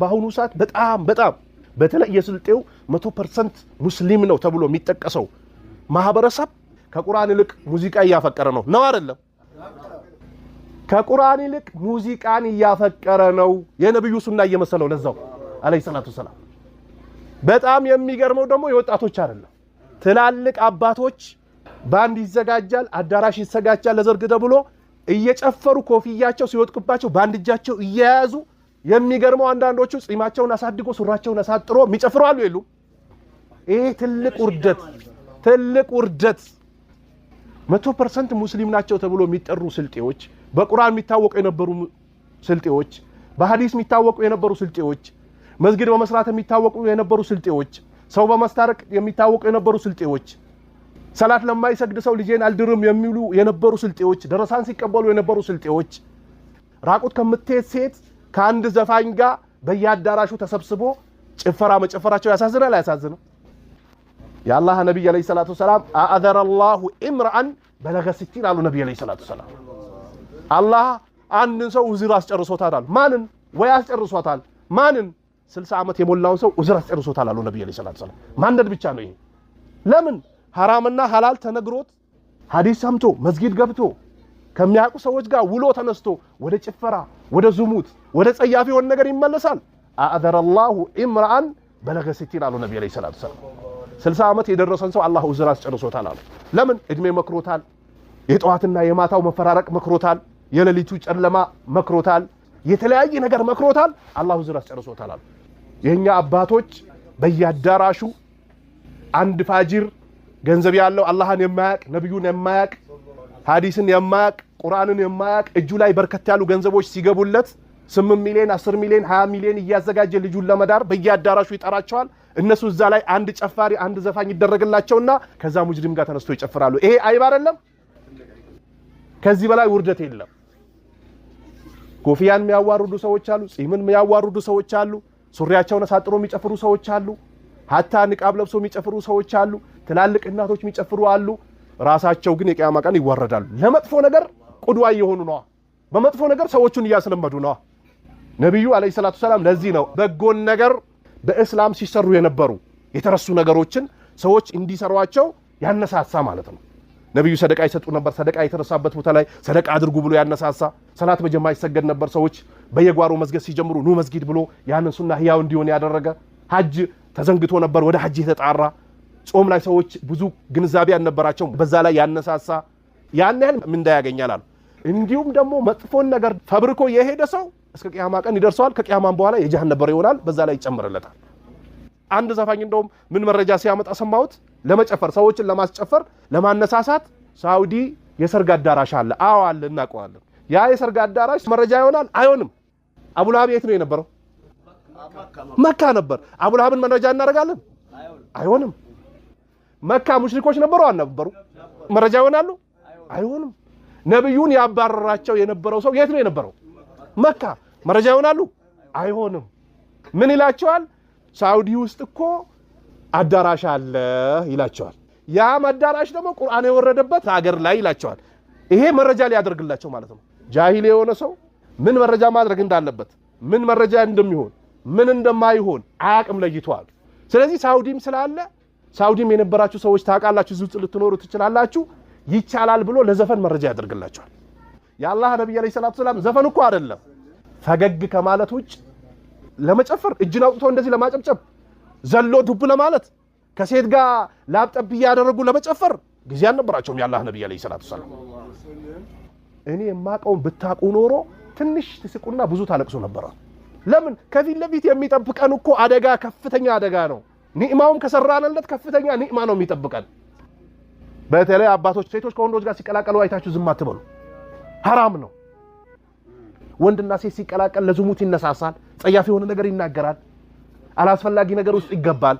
በአሁኑ ሰዓት በጣም በጣም በተለይ የስልጤው መቶ ፐርሰንት ሙስሊም ነው ተብሎ የሚጠቀሰው ማህበረሰብ ከቁርአን ይልቅ ሙዚቃ እያፈቀረ ነው ነው አይደለም? ከቁርአን ይልቅ ሙዚቃን እያፈቀረ ነው። የነብዩ ሱና እየመሰለው ለዛው አለይሂ ሰላቱ ሰላም። በጣም የሚገርመው ደግሞ የወጣቶች አይደለም ትላልቅ አባቶች ባንድ ይዘጋጃል፣ አዳራሽ ይዘጋጃል ለዘርግ ተብሎ እየጨፈሩ ኮፍያቸው ሲወጥቅባቸው በአንድ እጃቸው እየያዙ የሚገርመው አንዳንዶቹ ጺማቸውን አሳድጎ ሱራቸውን አሳጥሮ የሚጨፍሩ አሉ የሉም? ይሄ ትልቅ ውርደት ትልቅ ውርደት። መቶ ፐርሰንት ሙስሊም ናቸው ተብሎ የሚጠሩ ስልጤዎች፣ በቁርአን የሚታወቁ የነበሩ ስልጤዎች፣ በሀዲስ የሚታወቁ የነበሩ ስልጤዎች፣ መስጊድ በመስራት የሚታወቁ የነበሩ ስልጤዎች፣ ሰው በማስታረቅ የሚታወቁ የነበሩ ስልጤዎች፣ ሰላት ለማይሰግድ ሰው ልጄን አልድርም የሚሉ የነበሩ ስልጤዎች፣ ደረሳን ሲቀበሉ የነበሩ ስልጤዎች፣ ራቁት ከምትሄድ ሴት ከአንድ ዘፋኝ ጋር በየአዳራሹ ተሰብስቦ ጭፈራ መጨፈራቸው ያሳዝናል። አያሳዝንም? የአላህ ነቢይ ዓለይሂ ሰላቱ ወሰላም አአዘረ ላሁ ኢምርአን በለገ ሲቲን አሉ ነቢይ ዓለይሂ ሰላቱ ወሰላም። አላህ አንድን ሰው ውዝር አስጨርሶታል አሉ። ማንን? ወይ አስጨርሶታል። ማንን? ስልሳ ዓመት የሞላውን ሰው ውዝር አስጨርሶታል አሉ ነቢይ ዓለይሂ ሰላቱ ወሰላም። ማንደድ ብቻ ነው ይሄ። ለምን? ሐራምና ሐላል ተነግሮት ሐዲስ ሰምቶ መስጊድ ገብቶ ከሚያውቁ ሰዎች ጋር ውሎ ተነስቶ ወደ ጭፈራ፣ ወደ ዝሙት፣ ወደ ጸያፍ የሆነ ነገር ይመለሳል። አእዘረ ላሁ ኢምርአን በለገ ሲቲን አሉ ነቢ ዓለይሂ ሰላቱ ሰላም። ስልሳ ዓመት የደረሰን ሰው አላህ ዑዝር አስጨርሶታል አሉ። ለምን? ዕድሜ መክሮታል። የጠዋትና የማታው መፈራረቅ መክሮታል። የሌሊቱ ጨለማ መክሮታል። የተለያየ ነገር መክሮታል። አላህ ዑዝር አስጨርሶታል አሉ። የእኛ አባቶች በየአዳራሹ አንድ ፋጅር ገንዘብ ያለው አላህን የማያቅ ነቢዩን የማያቅ ሀዲስን የማያቅ ቁርአንን የማያቅ እጁ ላይ በርከት ያሉ ገንዘቦች ሲገቡለት ስምንት ሚሊዮን አስር ሚሊዮን ሀያ ሚሊዮን እያዘጋጀ ልጁን ለመዳር በየአዳራሹ ይጠራቸዋል። እነሱ እዛ ላይ አንድ ጨፋሪ አንድ ዘፋኝ ይደረግላቸውና ከዛ ሙጅሪም ጋር ተነስቶ ይጨፍራሉ። ይሄ አይብ አይደለም። ከዚህ በላይ ውርደት የለም። ኮፍያን የሚያዋርዱ ሰዎች አሉ። ጺምን የሚያዋርዱ ሰዎች አሉ። ሱሪያቸውን አሳጥሮ የሚጨፍሩ ሰዎች አሉ። ሀታ ንቃብ ለብሶ የሚጨፍሩ ሰዎች አሉ። ትላልቅ እናቶች የሚጨፍሩ አሉ። ራሳቸው ግን የቅያማ ቀን ይዋረዳሉ። ለመጥፎ ነገር ቁድዋ እየሆኑ ነዋ። በመጥፎ ነገር ሰዎቹን እያስለመዱ ነዋ። ነቢዩ አለይሂ ሰላቱ ሰላም ለዚህ ነው በጎን ነገር በእስላም ሲሰሩ የነበሩ የተረሱ ነገሮችን ሰዎች እንዲሰሯቸው ያነሳሳ ማለት ነው። ነቢዩ ሰደቃ ይሰጡ ነበር። ሰደቃ የተረሳበት ቦታ ላይ ሰደቃ አድርጉ ብሎ ያነሳሳ። ሰላት በጀማ ይሰገድ ነበር። ሰዎች በየጓሮ መስገድ ሲጀምሩ ኑ መስጊድ ብሎ ያንን ሱና ህያው እንዲሆን ያደረገ ሀጅ ተዘንግቶ ነበር። ወደ ሀጅ የተጣራ ጾም ላይ ሰዎች ብዙ ግንዛቤ ያልነበራቸው በዛ ላይ ያነሳሳ ያን ያህል ምንዳ ያገኛል አሉ። እንዲሁም ደግሞ መጥፎን ነገር ፈብርኮ የሄደ ሰው እስከ ቅያማ ቀን ይደርሰዋል። ከቅያማን በኋላ የጀሃን ነበር ይሆናል። በዛ ላይ ይጨምርለታል። አንድ ዘፋኝ እንደውም ምን መረጃ ሲያመጣ ሰማሁት? ለመጨፈር ሰዎችን ለማስጨፈር ለማነሳሳት ሳውዲ የሰርግ አዳራሽ አለ። አዎ አለ፣ እናውቀዋለን። ያ የሰርግ አዳራሽ መረጃ ይሆናል አይሆንም። አቡላሀብ የት ነው የነበረው? መካ ነበር። አቡላሀብን መረጃ እናደርጋለን? አይሆንም። መካ ሙሽሪኮች ነበሩ አልነበሩ? መረጃ ይሆናሉ አይሆንም? ነብዩን ያባረራቸው የነበረው ሰው የት ነው የነበረው? መካ። መረጃ ይሆናሉ አይሆንም? ምን ይላቸዋል? ሳውዲ ውስጥ እኮ አዳራሽ አለ ይላቸዋል። ያም አዳራሽ ደግሞ ቁርአን የወረደበት ሀገር ላይ ይላቸዋል። ይሄ መረጃ ሊያደርግላቸው ማለት ነው። ጃሂል የሆነ ሰው ምን መረጃ ማድረግ እንዳለበት ምን መረጃ እንደሚሆን ምን እንደማይሆን አያቅም ለይቷል። ስለዚህ ሳውዲም ስላለ ሳውዲም የነበራችሁ ሰዎች ታውቃላችሁ፣ እዚህ ውስጥ ልትኖሩ ትችላላችሁ። ይቻላል ብሎ ለዘፈን መረጃ ያደርግላቸዋል። የአላህ ነቢይ ዓለይሂ ሰላቱ ሰላም ዘፈን እኮ አይደለም ፈገግ ከማለት ውጭ ለመጨፈር እጅን አውጥቶ እንደዚህ ለማጨብጨብ ዘሎ ዱብ ለማለት ከሴት ጋር ላብጠብ እያደረጉ ለመጨፈር ጊዜ አልነበራቸውም። የአላህ ነቢይ ዓለይሂ ሰላቱ ሰላም እኔ የማቀውን ብታቁ ኖሮ ትንሽ ትስቁና ብዙ ታለቅሱ ነበረ። ለምን ከፊት ለፊት የሚጠብቀን እኮ አደጋ ከፍተኛ አደጋ ነው። ኒዕማውም ከሰራንለት ከፍተኛ ኒዕማ ነው የሚጠብቀን። በተለይ አባቶች ሴቶች ከወንዶች ጋር ሲቀላቀሉ አይታችሁ ዝም አትበሉ፣ ሐራም ነው። ወንድና ሴት ሲቀላቀል ለዝሙት ይነሳሳል፣ ጸያፍ የሆነ ነገር ይናገራል፣ አላስፈላጊ ነገር ውስጥ ይገባል።